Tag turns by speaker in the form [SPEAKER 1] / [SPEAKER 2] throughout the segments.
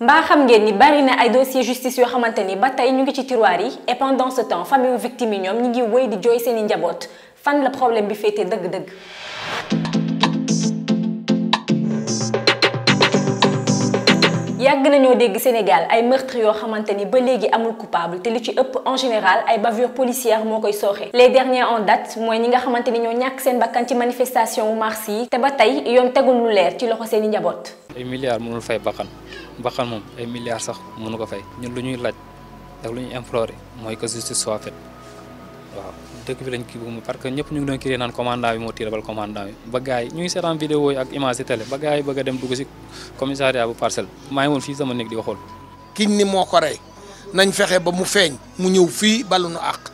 [SPEAKER 1] mbaa xam ngeen ni bari na ay dossier justice yo xamanteni ba tay ñu ngi ci tiroir yi et pendant ce temps famille victime ñom ñi ngi wéy di joy seeni fan la problème bi fété deug deug yàgg nañoo dégg Sénégal ay meurtres yo xamanteni ba légui amul coupable té li ci ëpp en général ay bavures policières moo koy les derniers en date moy ñi nga xamanteni ño ñak seen bakkan ci manifestation wu mars yi ba tay yoon tegul lu lèr ci loxo seeni njaboot.
[SPEAKER 2] ay milliards mënul fay bakkan bakkan mom ay milliards sax mënu ko fay ñun luñuy ñuy laaj ak lu implorer que justice soit faite waaw dëkk bi lañ kii parce que ñëpp ñu ngi doon crier naan commandant bi moo tiré bal commandant bi ba gars yi seetaan vidéo yi ak image si télé ba gars yi dem dugg si commissariat bu parcelle maa woon fii sama néeg di ko kiñ ni moo ko rey nañ fexe ba mu feeñ mu ñëw fii balu nu àq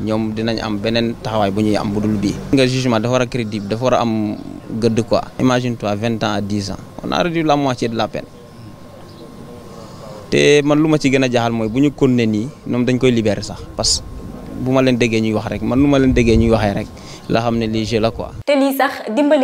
[SPEAKER 2] ñoom dinañ am beneen taxawaay bu ñuy am bu dul bii. nga jugement dafa war a crédit dafa war a am gëdd quoi. imagine toi vingt ans à dix ans on a réduit la moitié de la peine te man lu ma ci gën a jaaxal mooy bu ñu kon continuer nii noom dañ koy libérer sax parce que bu ma leen déggee ñuy wax rek man lu ma leen déggee ñuy waxee rek la xam ne lii jeu la quoi.
[SPEAKER 1] sax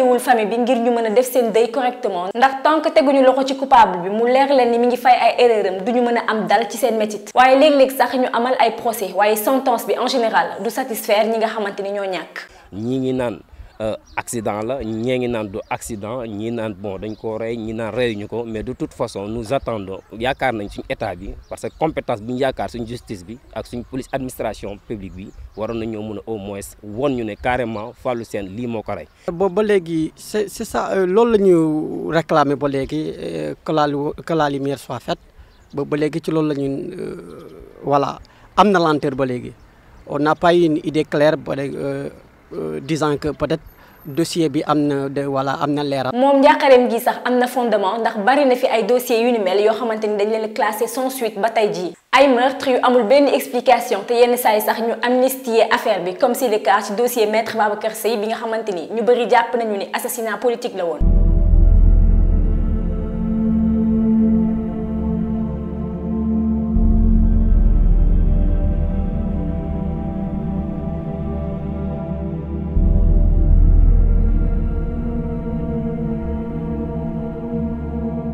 [SPEAKER 1] wul famille bi ngir ñu mëna def seen deuil correctement ndax tant que téguñu loxo ci coupable bi mu leer leen ni mi ngi fay ay erreur duñu mëna a am dal ci seen métit waaye léeg-léeg sax ñu amal ay procès waaye sentence bi en général du satisfaire ñi nga xamante ni ñoo ñàkk
[SPEAKER 2] ñii ñi euh, accident la ñi ngi naan du accident ñi naan bon dañ ko rey ñi naan reyuñu ñuko mais de toute façon nous attendons yaakaar nañ suñu état bi parce que compétence bi ñu yaakaar suñu justice bi ak suñu police administration publique bi waroon nañ ñoo mëna au moins won ñu ne carrément fallu sen li moko ko bo ba légui c'est ça euh, lool lañu réclamer ba légui euh, que la que la lumière soit faite bo ba légui ci lool lañu voilà amna lanterne lenteur ba léegi on n'a pas une idée claire ba légui euh, disant que peut-être dossier bi amna de voilà am na leeral.
[SPEAKER 1] moom gi sax amna fondement ndax bari na fi ay dossier yu ni mel yo xamanteni dañ leen classé sans suite ba tey jii. ay meurtre yu amul ben explication te yenn say sax ñu amnistier affaire bi comme si le cas ci dossier maître Babacar Seye bi nga xamanteni ñu bari japp nañu ni assassinat politique la won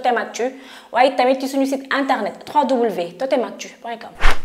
[SPEAKER 1] Totemactu tu tamit ci suñu site internet www.totemactu.com